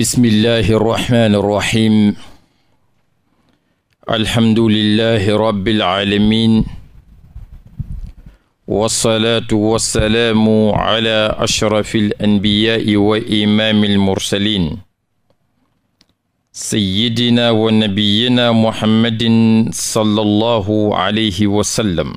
bismillahi irrahmani irrahim alhamdulilahi rabiilalamin walsalaatu walsalaamu ala ashrafi alanbiyaai wa imaami almursalin sayidina wa nabiyina muhammadin sallallahu alayhi wa sallam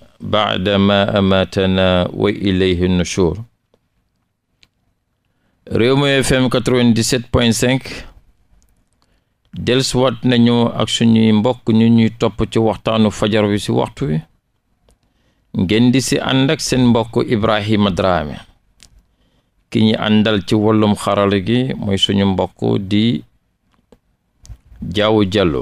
baada ma amatana wa ilayhi nushur réew mi fm 97.5 nañu ak suñuy mbokk ñu ñuy topp ci waxtaanu fajar wi si waxtu wi ngeen di ci ànd seen mbokk Ibrahima Drame ki ñi àndal ci wàllum xarala gi mooy suñu mbokk di jawwu jàllo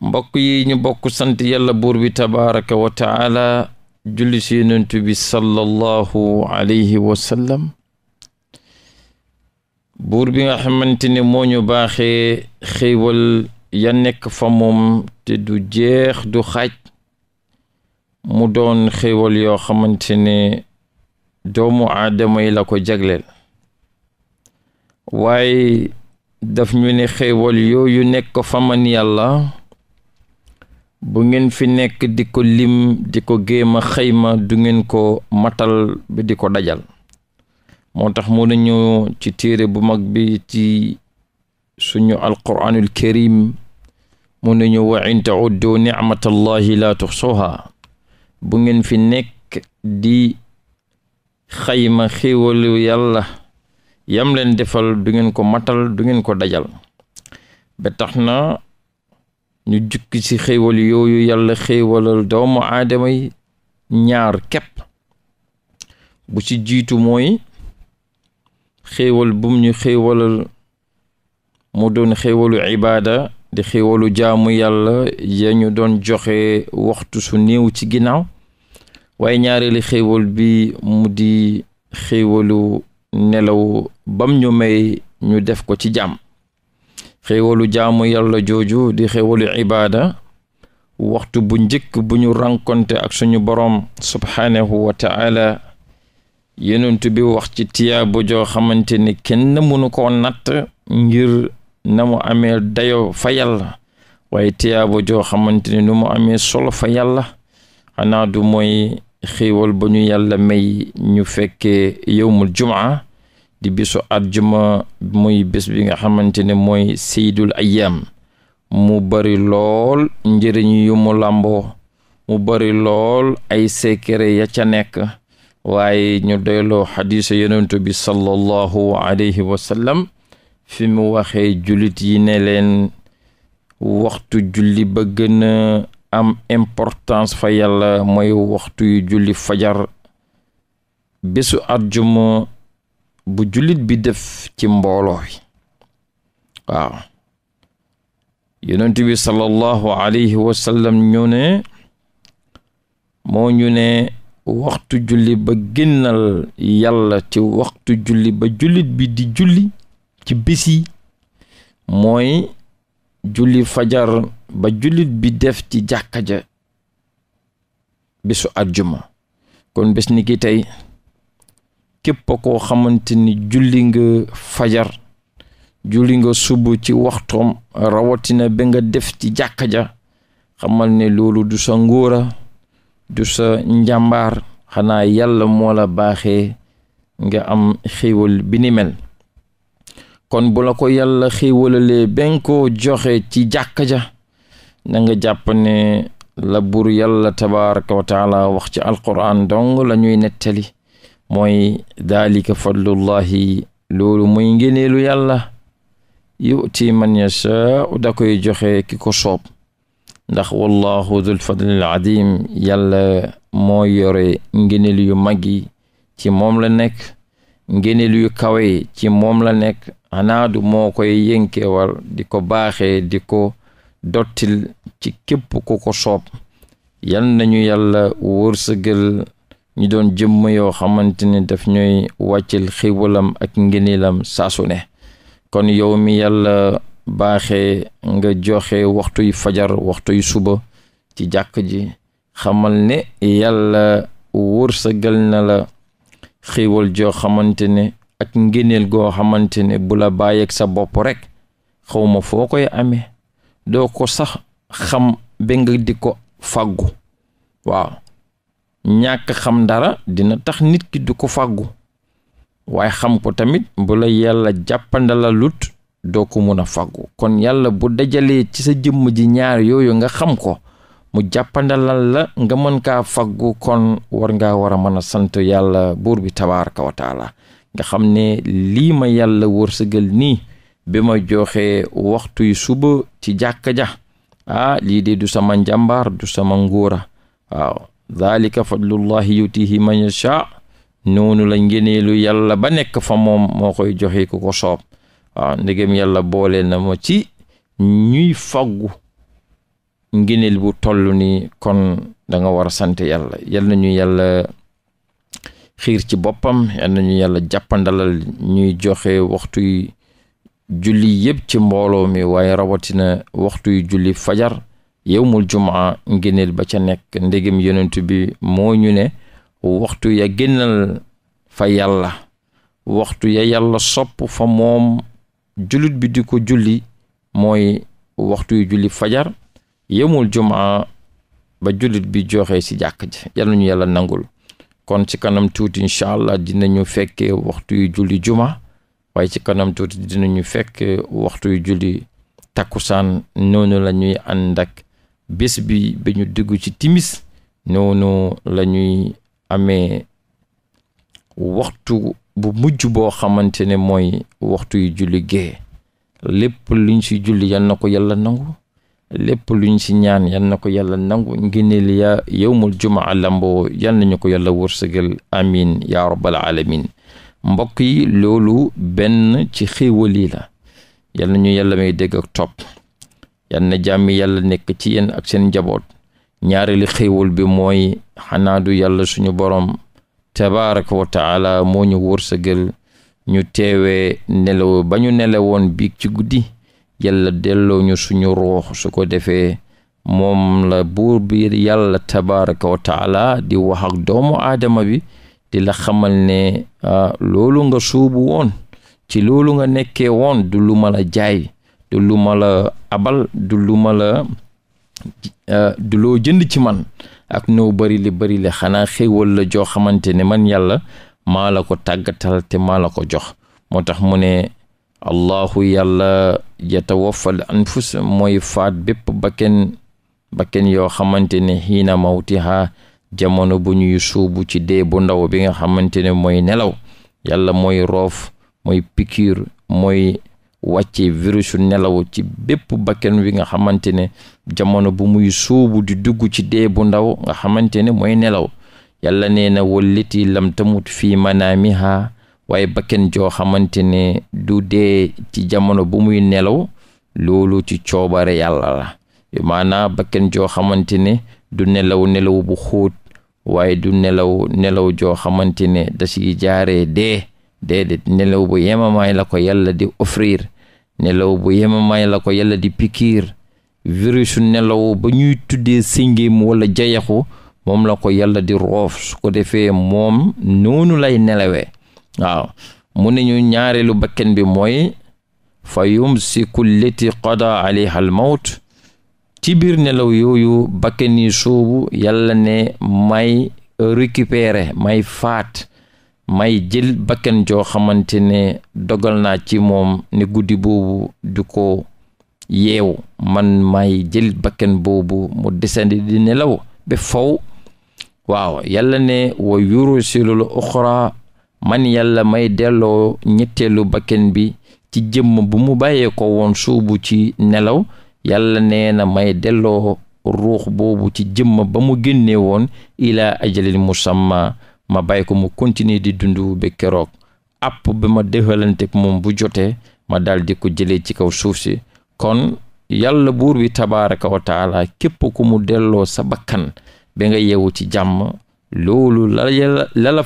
mbokk yi ñu bokk sant yàlla buur bi tabaraka wa taala julli si yonent sallallahu alayhi wa sallam buur bi nga xamante ne moo ñu baaxee xéewal ya nekk fa moom te du jeex du xaaj mu doon xéewal yoo xamante ne doomu aadama yi la ko jagleel waaye daf ñu ne xéewal yooyu nekk fa man yàlla bu ngeen fi nekk di ko lim di ko géem a xayma du ngeen ko matal di ko dajal moo tax mu nañu ci téere bu mag bi ci suñu alquraanul karim mu nañu wa in tauddu nicmatallahi laa tuxsuha bu ngeen fi nekk di xayma xéewalu yàlla yam leen defal du ngeen ko matal du ngeen ko dajal ba na ñu jukki ci xéwal yooyu yàlla xéewalal doomu aadama yi ñaar kepp bu ci jiitu mooy xéewal bum ñu xéewalal mu doon xéwalu ibaada di xéwalu jaamu yàlla ya ñu doon joxe waxtu su néew ci ginnaaw waaye ñaareelu xéewal bi mu di xéewalu nelaw bam ñu may ñu def ko ci jàmm xéewalu jaamu yàlla jooju di xéewalu ibaada waxtu bu njëkk bu ñu rencontre ak suñu boroom subhaanahu wa ta'ala bi wax ci tiyaaba joo xamante ni kenn mënu koo natt ngir na mu amee dayo fa yàlla waaye tiyaaba joo xamante ni nu mu amee solo fa yàlla xanaa du mooy xéewal ba ñu yàlla may ñu fekkee yowmul jumaa di bisu àjjuma muy bés bi nga xamante ne mooy seydul ayam mu bari lool njëriñ yu mu làmboo mu bari lool ay secret ya ca nekk waaye ñu doyloo xadiisa yonent bi sallallahu alayhi wa fi mu waxee jullit yi ne leen waxtu julli ba gën am importance fa yàlla mooy waxtu yu julli fajar bésu àjjuma bu jullit bi def ci mbooloo bi waaw yonent bi sallallahu alayhi wa ñu ne moo ñu ne waxtu julli ba génnal yàlla ci waxtu julli ba jullit bi di julli ci bisi yi mooy julli fajar ba jullit bi def ci jàkka ja bisu àjjuma kon bés ni ki tey képp koo xamante ni julli nga fajar julli nga suba ci waxtoom rawatina ba nga def ci jàkka ja xamal ne loolu du sa ngóora du sa njàmbaar xanaa yàlla moo la baaxee nga am xéewal bi mel kon bu la ko yàlla xéewalalee ben ko joxe ci jàkka ja na nga jàpp ne la buur yàlla tabaraka wa wax ci alquran dong lañuy nettali mooy daalika fadlullahi loolu mooy ngëneelu yàlla yuti man yashaau da koy joxe ki ko soob ndax wallahu dul fadlil adim yàlla moo yore ngëneelu yu mag yi ci moom la nekk ngëneelu yu kawe ci moom la nekk anaadu moo koy yënkewal di ko baaxe di ko dottil ci képp ku ko soob yal nañu yàlla ñu doon jëmm yoo xamante ne daf ñooy wàccil xiwalam ak ngëneelam saasu ne kon yow mi yàlla baaxe nga joxe waxtuy fajar waxtuy suba ci jàkk ji xamal ne yàlla wur wërsëgal na la xiwal joo xamante ne ak ngëneel goo xamante ne bu la bàyyeeg sa bopp rek xawma foo koy ame doo ko sax xam ba nga di ko fàggu waaw ñàkk xam dara dina tax nit ki du ko faggu waaye xam ko tamit bu la yàlla jàppandala doo ko mun a fàggu kon yàlla bu dajalee ci sa jëmm ji ñaar yooyu nga xam ko mu jàppandalal la nga mën kaa fàggu kon war ngaa war a mën a sant yàlla buur bi tabaaraka wa nga xam ni lii ma yàlla wërsëgal nii bi ma joxe waxtu yu suba ci jàkka ja ah lii de du sama njàmbaar du sama ngóora waaw daalika fadlullahi yutihi man yasha noonu la ngëneelu yàlla ba nekk fa moom moo koy joxe ku ko soob waaw ndegem yàlla boole na ma ci ñuy faggu ngëneel bu toll ni kon danga nga war a sant yàlla yal na yàlla xiir ci boppam yal na ñu yàlla jàppandalal ñuy joxe waxtuy julli yëpp ci mbooloo mi waaye rawatina waxtuy julli fajar yowmul jumaa ngëneel ba ca nekk ndegem yonent bi moo ñu ne waxtu ya gënal fa yàlla waxtu ya yàlla sopp fa moom jullit bi di ko julli mooy waxtu yu julli fajar yowmul jumaa ba jullit bi joxe ci jàkk ji yàlla ñu yàlla nangul kon ci kanam tuuti incha allah dinañu fekkee waxtu yu julli juma waaye ci kanam tuuti dinañu fekkee waxtu yu julli takkusaan noonu la ñuy ànd ak bés bi ba ñu dugg ci timis noonu la ñuy amee waxtu bu mujj boo xamante ne mooy waxtu yu julli gee lépp luñ ci julli yal na ko yàlla nangu lépp luñ si ñaan yal na ko yàlla nangu ngëneel ya yowmul jumaa lamboo yal nañu ko yàlla wërsëgal amin ya rabbal alamin mbokk yi loolu benn ci xéewal yi la yal nañu yàlla may dégg ak topp yal na jàmmi yàlla nekk ci yenn ak seen njaboot ñaareelu xéewal bi mooy xanaa du yàlla suñu borom tabaraka wa taala moo ñu wërsëgal ñu teewee nelaw ba ñu nelawoon biig ci guddi yàlla delloo ñu suñu ruux su ko defee moom la buur bi yàlla tabaraka wa di wax ak doomu aadama bi di la xamal ne ah, loolu nga suubu woon ci loolu nga nekkee woon du lu mën a jaay du lu ma la abal du lu ma la euh, du loo jënd ci man ak noo bari li bari li xanaa xéewal la joo xamante ne man yàlla maa la ko tàggatal te maa la ko jox moo tax mu ne allahu yàlla yatawaffal anfus mooy faat bépp bakken bakken yoo xamante ne xiina mawtiha jamono bu ñuy suubu ci dee bu ndaw bi nga xamante ne mooy nelaw yàlla mooy roof mooy pikiir mooy wàccee virusu nelaw ci bépp bakken wi nga xamante ne jamono bu muy suubu di dugg ci dee bu ndaw nga xamante ne mooy nelaw yàlla nee na walliti lam tamut fii manaamiha waaye bakken joo xamante ne du dee ci jamono bu muy nelaw loolu ci coobare yàlla la maanaam bakken joo xamante ne du nelaw nelaw bu xóot waaye du nelaw nelaw joo xamante ne da si jaaree dee déedéet nelaw bu yemamaay la ko yàlla di offrir nelaw bu yemamaay la ko yàlla di pikiir virusu nelaw ba ñuy tuddee singim walla jayaxu moom la ko yàlla di roof su ko defee moom noonu lay nelawee waaw mu ne ñu ñaareelu bakken bi mooy fa yumsiku lleti qada alayha al mawt ci biir nelaw yooyu bakken yi soobu yàlla ne may récupérer may faat may jël bakkan joo xamante ne dogal naa ci moom ne guddi boobu du ko yeew man may jël bakkan boobu mu desandi di nelaw ba faw waaw yàlla ne wa yurusilul uxra man yàlla may delloo ñetteelu bakkan bi ci jëmm bu mu bàyyee ko woon suubu ci nelaw yàlla nee na may delloo ruux boobu ci jëmm ba mu génnee woon ilaa ajalin musamma ma bàyyi ko mu continuer di dund ba app bi ma defalante moom bu jotee ma daal di ko jëlee ci kaw suuf si kon yàlla buur bi tabaraka wa taala képp ku mu delloo sa bakkan ba nga yewu ci jàmm loolu la la la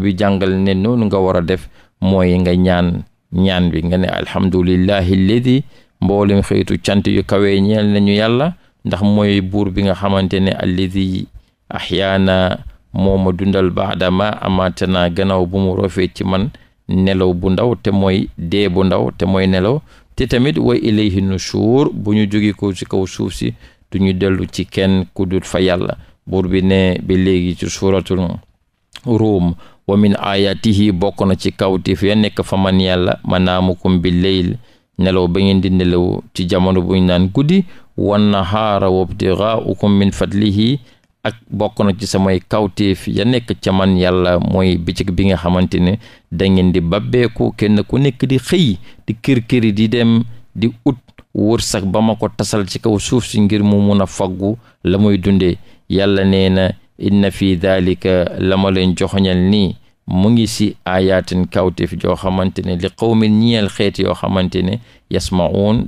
bi jàngal ne noonu nga war a def mooy nga ñaan ñaan bi nga ne alhamdulillahi ledi mboole xeetu cant yu kawee ñeel nañu yàlla ndax mooy buur bi nga xamante ne alladi ahyaana moo ma dundal baada ma amaatana gannaaw bu mu ci man nelaw bu ndaw te mooy dee bu ndaw te mooy nelaw te tamit wa ilayhi nushur bu ñu jóge ko ci kaw suuf si tuñu ñu dellu ci kenn ku dul fa yàlla buur bi ne ba léegi ci suuratul ruum wa min ayatihi bokk na ci kawtif ya nekk fa man yàlla manaamukum bi leyl nelaw ba ngeen di nelaw ci jamono bu ñu naan guddi wan nahaara wabtigaaukum min fadlihi ak bokk na ci samay kawteef ya nekk ca man yàlla mooy bëccëg bi nga xamante ne da di babbeeku kenn ku nekk di xëy di kër-këri di dem di ut wërsëg ba ma ko tasal ci kaw suuf si ngir mu mun a faggu la muy dundee yàlla nee na inna fi daalika la ma leen joxoñal ni mu ngi si ayatin kawteef joo xamante ne li xawmin ñeel xeet yoo xamante ne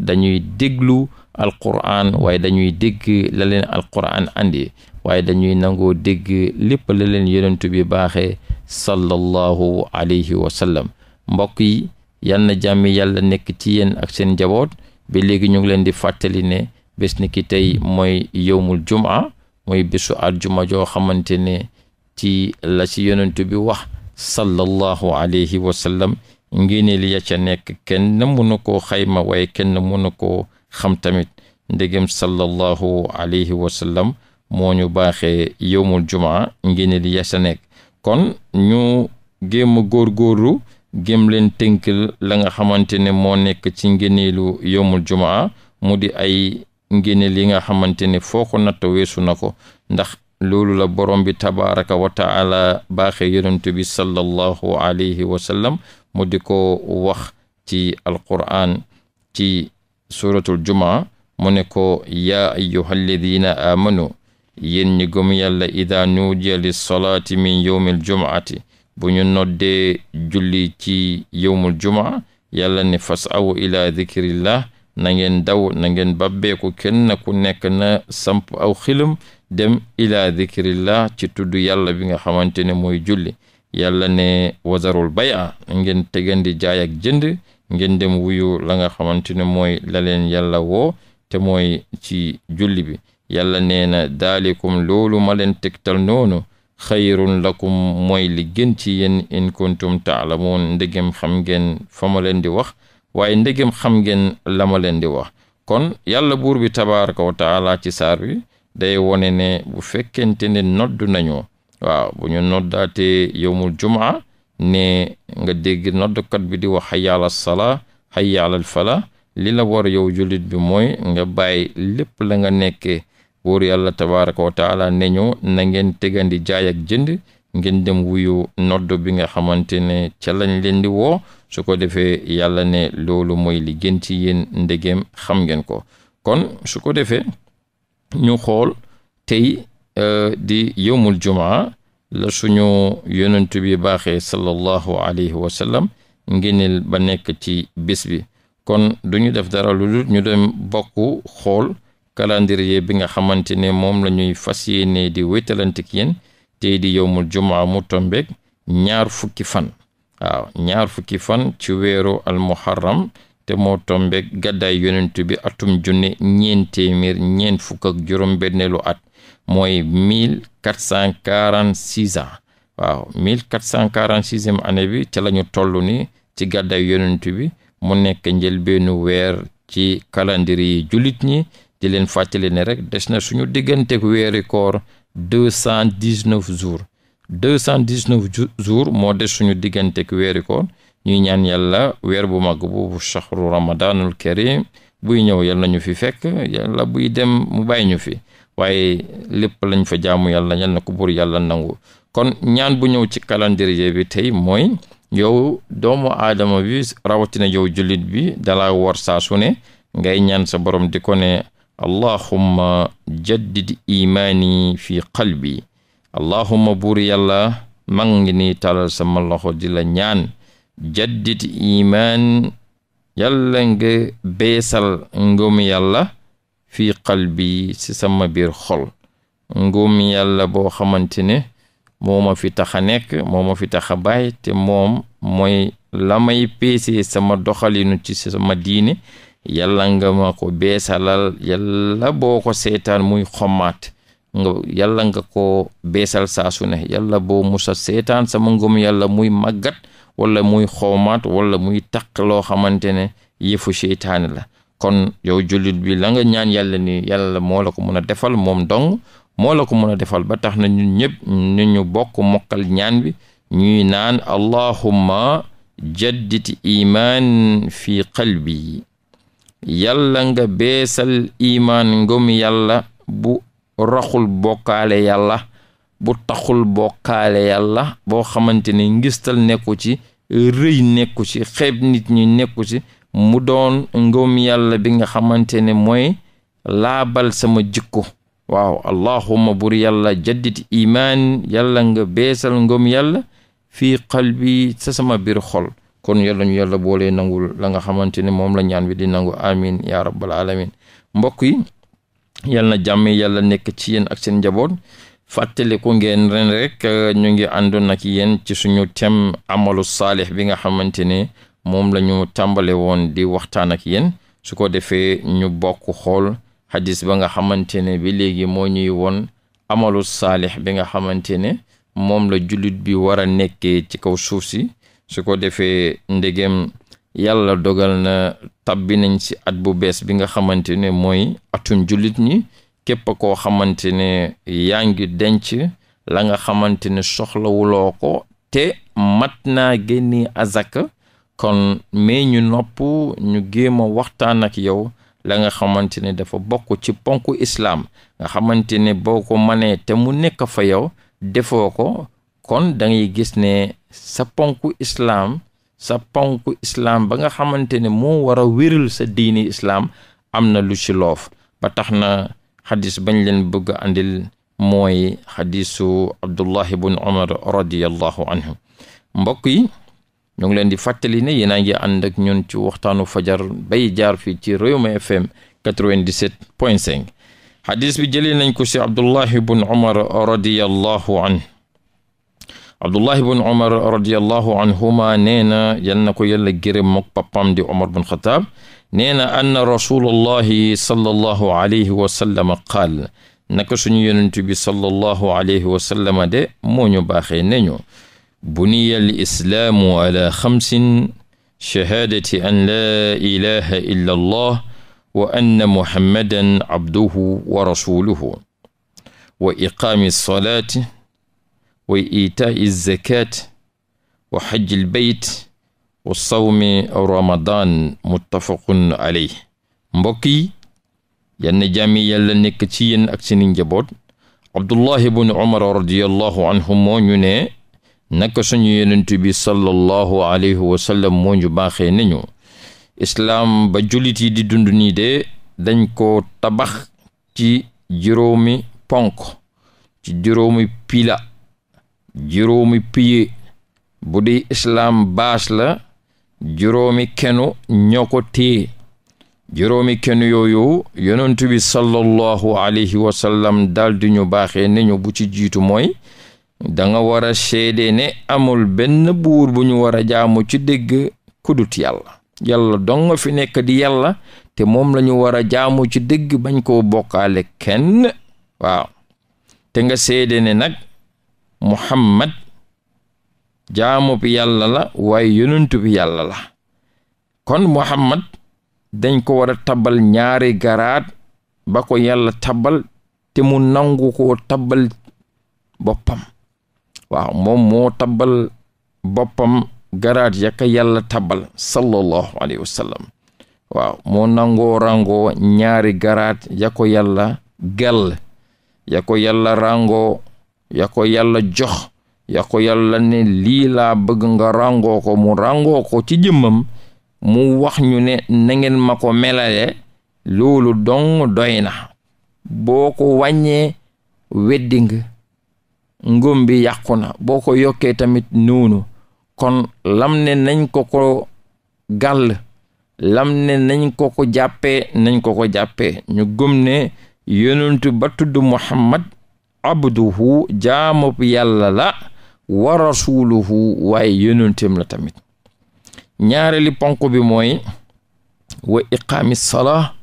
dañuy déglu alquran waaye dañuy dégg la leen alquran andi waaye dañuy nangoo dégg lépp la leen yonent bi baaxe sallallahu alayhi wa sallam mbokk yi yal na yàlla nekk ci yenn ak seen njaboot ba léegi ñu ngi leen di fàttali ne bés ni tey mooy yowmul jumaa mooy bésu àjjuma joo xamante ne ci la ci yonent bi wax sallallahu alayhi wa sallam ngéene ca nekk kenn mënu koo xayma waaye kenn mënu ko xam tamit ndegem sallallahu alayhi wa sallam moo ñu baaxee yowmul jumaa ngeen di sa nekk kon ñu géem a góorgóorlu géem leen tënk la nga xamante ne moo nekk ci ngéneelu yowmul jumaa mu di ay ngéneel yi nga xamante ne foo ko na ko ndax loolu la borom bi tabaraka wa taala baaxee yonent bi sallallahu alayhi wa sallam mu di ko wax ci alquran suratul jumaa mu ne ko yaa ayyuha alladina aamanu yéen ñi gëm yàlla ida nuudiya li solaati min yowmil jumaati bu ñu noddee julli ci yowmul jumaa yàlla ne fas aw ila dikrillah na ngeen daw na ngeen babbeeku kenn ku nekk na samp aw xilam dem ila dikrillah ci tudd yàlla bi nga xamante ne mooy julli yàlla ne wazarul bay a na ngeen tegandi jaay ak jënd ngeen dem wuyu la nga xamante ne mooy la leen yàlla woo te mooy ci julli bi yàlla nee na daalikum loolu ma leen tegtal noonu xayrun lakum mooy li gën ci yéen in kuntum taalamuun ndegem xam ngeen fa ma leen di wax waaye ndegem xam ngeen la ma leen di wax kon yàlla buur bi tabaraka wa ci saar bi day wone ne bu fekkente ne noddu nañu waaw bu ñu noddaatee yowmul jumaa ne nga dégg noddkat bi di wax hayya ala salaa hayya ala li la war yow jullit bi mooy nga bàyyi lépp la nga nekkee buur yàlla tabaraka wa taala ne ñu na ngeen tegandi jaay ak jënd ngeen dem wuyu noddo bi nga xamante ne ca lañ leen di woo su ko defee yàlla ne loolu mooy li gën ci yéen ndegem xam ngeen ko kon su ko defee ñu xool tey euh, di yowmul jumaa la suñu yonent bi baaxee sallallahu alayhi wa sallam ngéneel ba nekk ci bés bi kon duñu def dara lu ñu dem bokk xool calendrier bi nga xamante ne moom la ñuy fas yéene di wétalantik yéen tey di yowmul jumaa mu tombeek ñaar fukki fan ñaar fukki fan ci weeru al te moo tombe gàddaay yonent bi atum junne ñeen téeméer ñeen fukk ak juróom benneelu at mooy mille quatre cent quarante six ans waaw mille quatre cent quarante sixième année bi ca la ñu toll ni ci gàddaay yonent bi mu nekk njëlbeenu weer ci calendrier yi jullit ñi di leen fàttali ne rek des na suñu digganteeg weeri koor deux cent dix jours deux cent dix neuf jours moo des suñu digganteeg weeri koor ñuy ñaan yàlla weer bu mag bu shahru ramadanul karim buy ñëw yàlla nañu fi fekk yàlla buy dem mu bàyyi ñu fi waaye lépp lañ fa jaamu yàlla ñan na ko buur yàlla nangu kon ñaan bu ñëw ci calendrier bi tey mooy yow doomu aadama bi rawatina yow julit bi dala war saa su ne ngay ñaan sa borom di ko ne allahumma jaddid imaani fi qalbi allahumma buur yàlla maa ngi nii talal sama loxo di la ñaan jaddid imaan yàlla nga beesal ngëm yàlla fii qalbi ci sama biir xol ngëm yàlla boo xamante ne moo ma fi tax a nekk moo ma fi tax a bàyyi te moom mooy la may peesee sama doxalinu ci sama diine yàlla nga ma ko beesalal yàlla boo ko seetaan muy xommaat nga nga ko beesal saasu ne yàlla boo musa seetaan sama ngëm yàlla muy màggat wala muy xoomaat walla muy taq loo xamante ne yëfu seytaane la kon yow jullit bi la nga ñaan yàlla ni yàlla moo la ko mun a defal moom dong moo la ko mun a defal ba tax na ñun ñëpp ñu ñu bokk mokkal ñaan bi ñuy naan allahumma jaddit imaan fi qalbi yàlla nga beesal imaan ngëm yàlla bu raxul bokkaale yàlla bu taxul bokkaale yàlla boo xamante ne ngistal nekku ci rëy nekku ci xeeb nit ñi nekku ci mu doon ngoom yàlla bi nga xamante ne mooy laabal sama jikko waaw allahuma bur yàlla jaddit imaan yàlla nga beesal ngëm yàlla fii qalbi sa sama biir xol kon yàlla ñu yàlla boole nangu la nga xamante ne moom la ñaan bi di nangu amin ya rabbal alamin mbokk yi yàlla na jàmm yàlla nekk ci yéen ak seen njaboot fàttaliku ngeen ren rek euh, ñu ngi àndoon ak yéen ci suñu thème amalu saalih bi nga xamante ne moom la ñu tàmbale woon di waxtaan ak yéen su ko defee ñu bokk xool hadis ba nga xamante ne bi léegi moo ñuy woon amalu saalih bi nga xamante ne moom la jullit bi war a nekkee ci kaw suuf si su ko defee ndegem yàlla dogal na tabbi nañ si at bu bees bi nga xamante ne mooy atum julit ñi képp koo xamante ne yaa ngi denc la nga xamante ne soxlawuloo ko te mat naa génni azaka kon mais ñu nopp ñu géem waxtaan ak yow la nga xamante ne dafa bokk ci ponk islaam nga xamante ne boo ko manee te mu nekk fa yow defoo ko kon da ngay gis ne sa ponk islaam sa ponk islaam ba nga xamante ne moo war a wéral sa diini islaam am na lu ci loof ba tax na xadis bañ leen bëgg andil mooy xadisu abdullahi bun umar radiallahu anhu mbokk yi ñu ngi leen di fàttali ne yéen a ngi ànd ak ñun ci waxtaanu fajar bay jaar fii ci Rewmi FM 97.5 xadis bi jëlee nañ ko si abdullahi bun umar radiallahu anhu abdullahi bun umar radiallahu anhuma nee na ko yàlla gërëm mook pappam di umar bun xataab nee na anna rasulullahi sallallahu alayhi wa sallama qaal naka suñu yonent bi sallallahu alayhi wa sallama de moo ñu baaxee ne ñu buniya al islaamu ala xamsin shahaadati an laa ilaha illa allah wa anna muhammadan abduhu wa rasuluhu wa iqaami salaati wa itaai zakat wa xajji lbeyt wa sawmi ramadan muttafaqun aley mbokk yi yenn jàmmi yàlla nekk ci yenn ak seeni njaboot abdullahi bun umar radiallahu anhu moo ñu ne naka suñu yenentu bi sallallahu alayhi wa moo ñu baaxee nañu islaam ba jullit yi di dund nii de dañ ko tabax ci juróomi ponk ci juróomi pila juróomi piye bu dee islaam baas la juróomi kenu ñoo ko juróomi kenu yooyu yonent bi sallallahu alayhi wa sallam daal di ñu baaxe ne ñu bu ci jiitu mooy danga nga war a seede ne amul benn buur bu ñu war a jaamu ci dégg kudut yàlla yàlla dong fi nekk di yàlla te moom la ñu war a jaamu ci dégg bañ koo bokkale kenn waaw te nga seede ne nag muhammad jaamub yàlla la waaye yonentub yàlla la kon muhammad dañ ko war a tabal ñaari garaat bako ko yàlla tabal te mu nangu koo tabal boppam waaw moo tabal boppam garaat yaka yàlla tabal sallallahu alayhi wa waaw moo nangoo rangoo ñaari garaat ya ko yàlla gàll ya ko yàlla rangoo ya ko jox yàqu yàlla ne lii laa bëgg nga ràngoo ko mu ràngoo ko ci jëmmam mu wax ñu ne na ngeen ma ko melale loolu dong doy na boo ko wàññee weddi nga ngëm bi yàqu na boo ko yokkee tamit noonu kon lam ne nañ ko ko gàll lam ne nañ ko ko jàppee nañ ko ko jàppee ñu gëm ne yonentu ba tudd Muhammad abduhu jaamub yàlla la wa rasuluhu waaye yonenteem la tamit ñaareeli ponk bi mooy wa iqaami salaa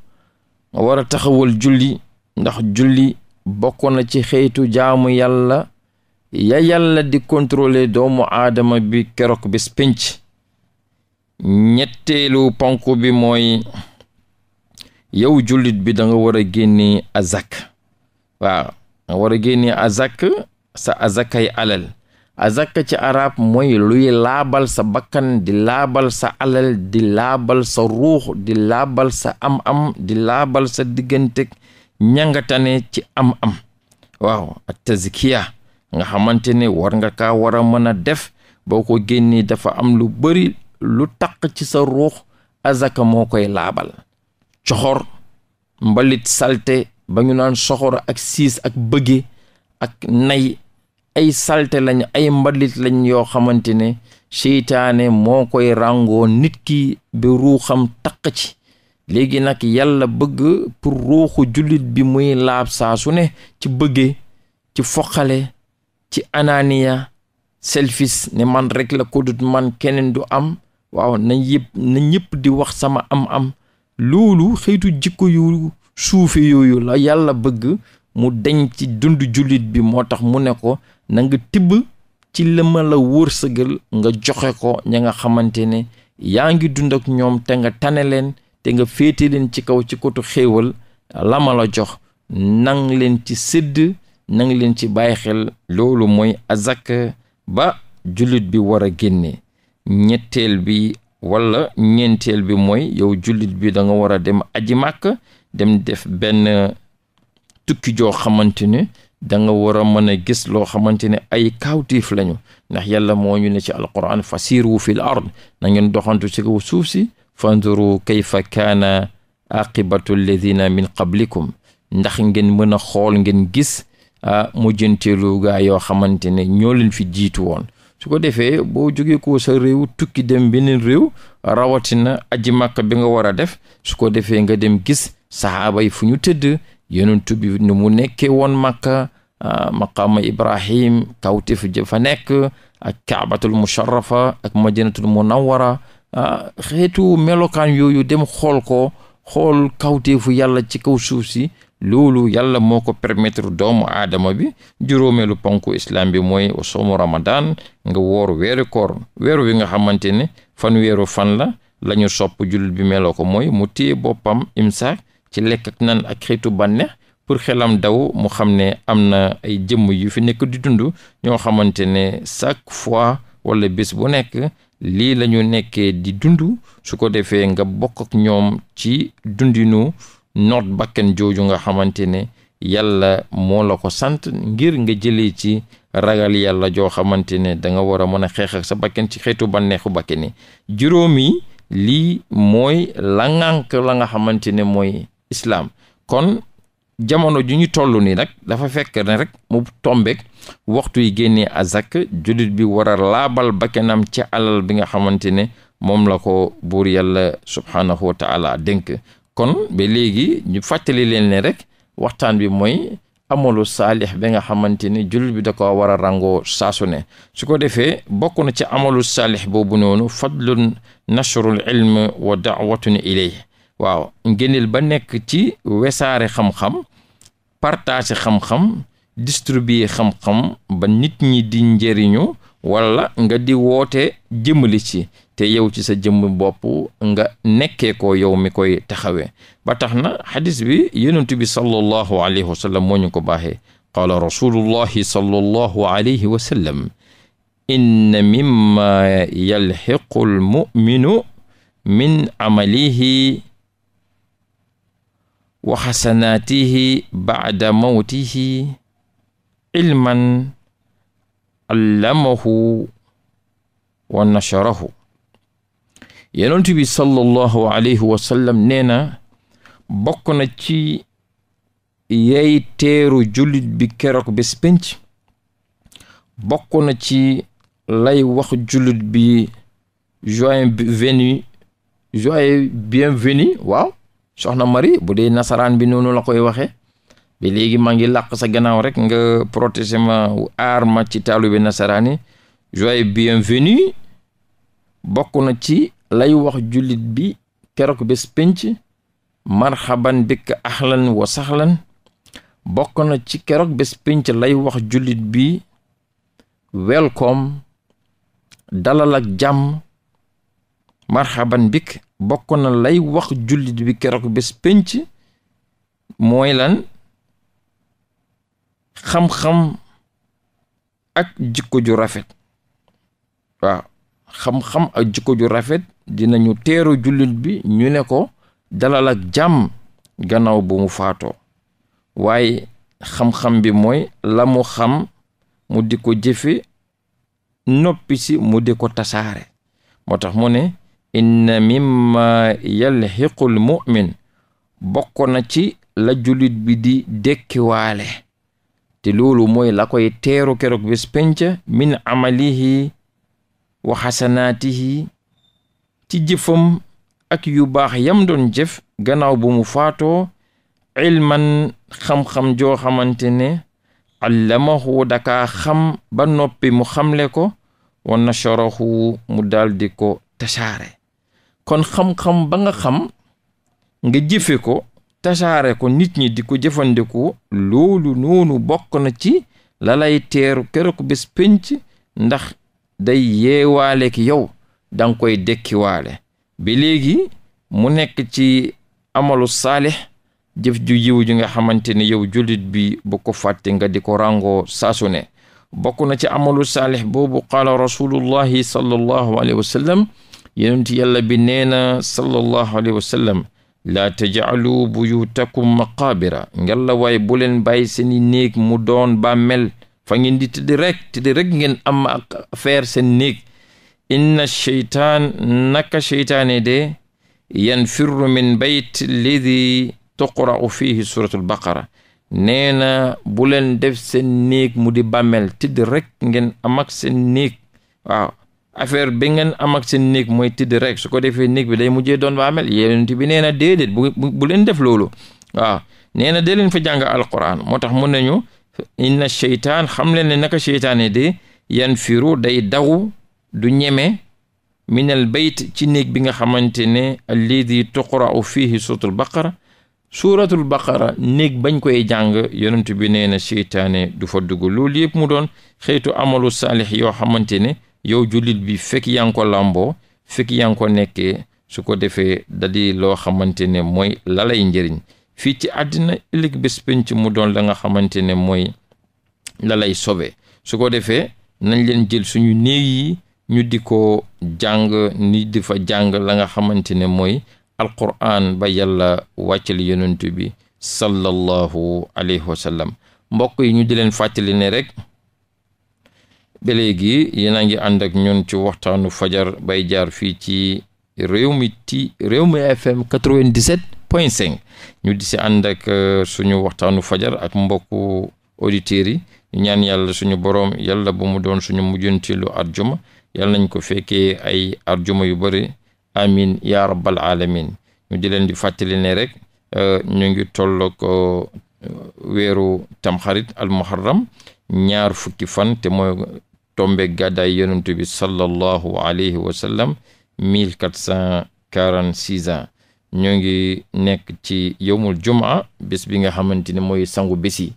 nga war a taxawal julli ndax julli bokk na ci xeetu jaamu yàlla ya yàlla di contrôler doomu aadama bi keroog bis pénc ñetteelu ponk bi mooy yow jullit bi danga war a génne azak waaw nga war a génnee azak sa azakay alal azaka ci arab mooy luy laabal sa bakkan di laabal sa alal di laabal sa ruux di laabal sa am-am di laabal sa diggante ñangatane ci am-am waaw ak tazkiya nga xamante ne war nga kaa war a mën a def boo ko génnee dafa am lu bari lu taq ci sa ruux azaka moo koy laabal coxor mbalit salte ba ñu naan soxor ak siis ak bëgge ak nay ay salte lañ ay mbalit lañ yoo xamante ne seytaane moo koy ràngoo nit ki bi ruuxam taq ci léegi nag yàlla bëgg pour ruuxu jullit bi muy laab saa su ne ci bëggee ci foqale ci ananiya selfis ne man rek la ko dut man keneen du am waaw na yëpp ñëpp di wax sama am am loolu xëytu jikko yu suufe yooyu la yàlla bëgg mu deñ ci dund jullit bi moo tax mu ne ko nanga nga tibb ci lëma la wërsëgal nga joxe ko ña nga xamante ne yaa ngi dund ak ñoom te nga tane leen te nga féete leen ci kaw ci kotu xéewal lama la jox nang leen ci sëdd nang leen ci bàyyi xel loolu mooy azak ba jullit bi war a génne ñetteel bi walla ñeenteel bi mooy yow jullit bi danga nga war a dem aji màkk dem def benn tukki joo xamante ne da nga war a mën a gis loo xamante ne ay kawtiif lañu ndax yàlla moo ñu ne ci alquran fasiru fil ard na ngeen doxantu ci kaw suuf si fanzuru kayfa kaana aqibatu alladina min qablikum ndax ngeen mën a xool ngeen gis ah mujjanteelu gaa yoo xamante ne ñoo leen fi jiitu woon su ko defee boo jógee ko sa réew tukki dem beneen réew rawatina aji màkk bi nga war a def su ko defee nga dem gis saxaaba fu ñu tëdd yonent bi ni mu nekkee woon makka ah, maqama ibrahim kawtif ja fa nekk ak kaabatul musharrafa ak madinatul munawwara ah, xeetu melokaan yooyu dem xool ko xool kawteefu yàlla ci kaw suuf si loolu yàlla moo ko permettre doomu aadama bi juróomeelu ponku islam bi mooy soomu ramadan nga woor weeru koor weeru wi nga xamante ne fan weeru fan la lañu ñu sopp jullit bi meloo ko mooy mu téye boppam imsaak ci lekk ak naan ak xeetu bànneex pour xelam daw mu xam ne am na ay jëmm yu fi nekk di dund ñoo xamante ne chaque fois wala bés bu nekk lii lañu ñu nekkee di dund su ko defee nga bokk ak ñoom ci dundinu noot bakkan jooju nga xamante ne yàlla moo la ko sant ngir nga jëlee ci ragal yàlla joo xamante ne da nga war a mën a xeex ak sa bakkan ci xeetu bànneexu bakkan yi juróomi lii mooy la la nga xamante ne mooy islaam kon jamono ju ñu toll nii nag dafa fekk ne rek mu tombeek waxtu yi génnee azak jullit bi war a laabal bakkenam ci alal bi nga xamante ne moom la ko buur yàlla subhaanahu wa dénk kon ba léegi ñu fàttali leen ne rek waxtaan bi mooy amalu saalix bi nga xamante ne jullit bi da ko war a rangoo saasu ne su ko defee bokk na ci amalu saalix boobu noonu fadlun nashrul ilm wa daawatun ilayh waaw ngëneel ba nekk ci wesaare xam-xam partage xam-xam distribuer xam-xam ba nit ñi di njëriñu walla nga di woote jëmali ci te yow ci sa jëmm bopp nga nekkee ko yow mi koy taxawee ba tax na xadis bi yonent bi sallallahu alayhi wa sallam moo ko baaxee qaala rasulullahi sallallahu alayhi wa sallam inna mimma yalxiqu almuminu min amalihi wa xasanaatihi baada mawtihi ilman allamahu wa nasharahu yonent bi sallallahu alayhi wa sallam nee na bokk ci yey teeru jullit bi keroog bés pénc bokk na ci lay wax jullit bi joie bienvenue joie bienvenue waaw soxna mari bu dee nasaraan bi noonu la koy waxee ba léegi maa ngi làq sa gannaaw rek nga protéger ma aar ma ci taalu bi nasaraan yi joyeux bokk na ci lay wax jullit bi keroog bés pénc marxaban bikk ahlan wa saxlan bokk na ci keroog bés pénc lay wax jullit bi welcome dalal ak jàmm marxaban bokk na lay wax jullit bi keroog bés pénc mooy lan xam-xam ak jikko ju rafet waaw xam-xam ak jikko ju rafet dinañu teeru jullit bi ñu ne ko dalal ak jàmm gannaaw bu mu faatoo waaye xam-xam bi mooy la mu xam mu di ko jëfe noppi si mu di ko tasaare moo tax mu ne inna mimma yalxiqul mu'min bokk na ci la jullit bi di dékkiwaale te loolu mooy la teeru keroog bés penc min amalihi wa xasanaatihi ci jëfam ak yu baax yam doon jëf gannaaw bu mu faatoo ilman xam-xam joo xamante ne allamahu dakaa xam ba noppi mu xamle ko wa nasharahu mu daldi ko tasaare kon xam-xam ba nga xam nga jëfe ko tasaare ko nit ñi di ko jëfandiku loolu noonu bokk na ci la lay teeru keroog bés pénc ndax day yeewaale ki yow danga koy dekkiwaale bi léegi mu nekk ci amalu saalix jëf ju yiw ji nga xamante ne yow julit bi bu ko fàtte nga di ko ràngoo saasu ne bokk na ci amalu saalix boobu qaala rasulullahi sallallahu alayhi wa yonent yàlla bi nee na sallallahu alayhi wa sallam laa tajaalu buyutakum maqaabira ngalla waay bu leen bàyyi seeni néeg mu doon bàmmeel fa ngeen di tëdd rek tëdd rek ngeen am ak affaire seen néeg inna cheytaan naka cheytaane de yanfirru min bayt lidi tuqra'u fihi suratul baqara nee na bu leen def seen néeg mu di bàmmeel tëdd rek ngeen am ak néeg affaire bi ngeen am ak seen néeg mooy tidd rek su ko defee néeg bi day mujjee doon bàmmeel yonent bi nee na déedéet bu leen def loolu waaw nee na dee leen fa jàng alquran moo tax mun nañu inna seytaan xam leen ne naka seytaane de yan firu day daw du ñeme minal bayt ci néeg bi nga xamante ne alladi tuqra'u fihi suratul baqara suuratul baqara néeg bañ koy jàng yonent bi nee na seytaane du fa dugg loolu yëpp mu doon xeetu amalu saalix yoo xamante ne yow jullit bi fekk yaa ngi ko làmboo fekk yaa su ko defee dadi loo xamante ne mooy la lay njëriñ fii ci àddina ëllëg bés penc mu doon la nga xamante ne mooy la lay sobe su ko defee nañ leen jël suñu néew yi ñu di ko jàng ni di fa jàng la nga xamante ne mooy alquran ba yàlla wàccal yonent bi sallallahu alayhi wa mbokk yi ñu di leen fàttali ne rekk ba léegi yéen a ngi ànd ak ñun ci waxtaanu fajar bay jaar fii ci réew mi ti réew mi FM 97 point 5 ñu di si ànd ak euh, suñu waxtaanu fajar ak mbokku auditeurs yi ñu ñaan yàlla suñu boroom yàlla bu mu doon suñu mujjantilu arjuma yalla nañ ko fekkee ay arjuma yu bëri amin ya rabbal alamin ñu di leen di fàttali ne rek euh, ñu ngi tolloo ko euh, weeru tamxarit al muharram ñaar fukki fan te mooy tombe gàddaay yonent bi sallallahu alayhi wa sallam mille quatre cent quarante six ñoo ngi nekk ci yowmul jumaa bés bi nga xamante ne mooy sangu bés yi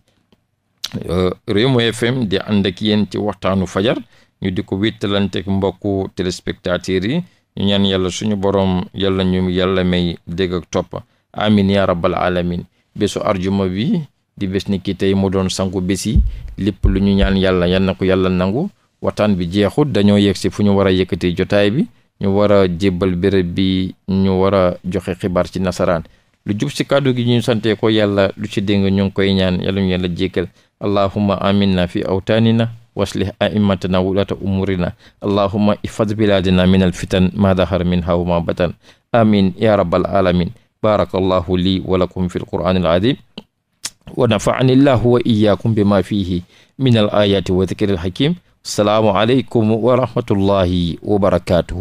e euh, FM di ànd ak yéen ci waxtaanu fajar ñu di ko wéttalanteek mbokku téléspectateurs yi ñu ñaan yàlla suñu borom yàlla ñu yàlla may dégg ak topp amin ya rabbal alamin bésu arjuma wi di bés ni ki tey mu doon sangu bés yi lépp lu ñu ñaan yàlla yal na ko yàlla nangu waxtaan bi jeexut dañoo yegg si fu ñu war a yëkkati jotaay bi ñu war a jébbal béréb bi ñu war a joxe xibaar ci nasaraan lu jub si kàddu gi ñu sante ko yàlla lu ci déng ñoo ngi koy ñaan yàlla ñu yàlla jéggal allahumma aminna fi awtaanina waslih aimatana wulata umurina allahumma ihfaz biladina min alfitan ma dahar min hawma batan amin ya rabbal alamin barakallahu li wa lakum fi alqur'anil azim wa nafa'ani llahu wa iyyakum bima fihi min al ayati wa salaamu aleykum wa rahmatullahi wa barakaatuhu